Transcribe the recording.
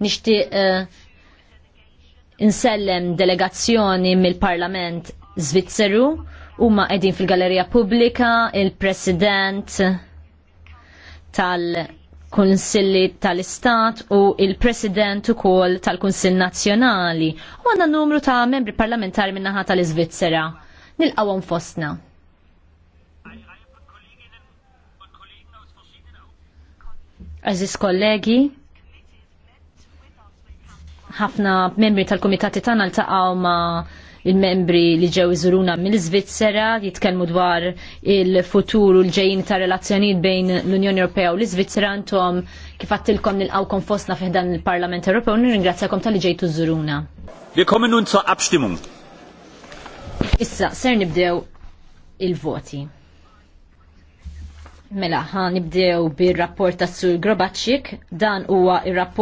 Nixtieq eh, insellem delegazzjoni mill-Parlament Zvizzeru huma qegħdin fil-Gallerija Pubblika il-President tal-Kunsilli tal-Istat u il-President ukoll tal-Kunsill Nazzjonali u għandna numru ta' membri parlamentari min-naħa tal-Iżvizzera. Nilqawhom fostna. Aziz kollegi, ħafna membri tal-komitati tagħna ltaqgħu ma' il-membri li ġew iżuruna mill-Iżvizzera jitkellmu dwar il-futur u l-ġejjin ta' relazzjonijiet bejn l-Unjoni Ewropea u l-Iżvizzera intom kif għattilkom nilqawkom fostna dan il-Parlament Ewropew u nirringrazzjakom tal-li ġejtu żuruna. Wir kommen nun zur Abstimmung. Issa ser nibdew il-voti. Mela, ħa nibdew bir-rapport tas Sur Grobaċċik, dan huwa ir-rapport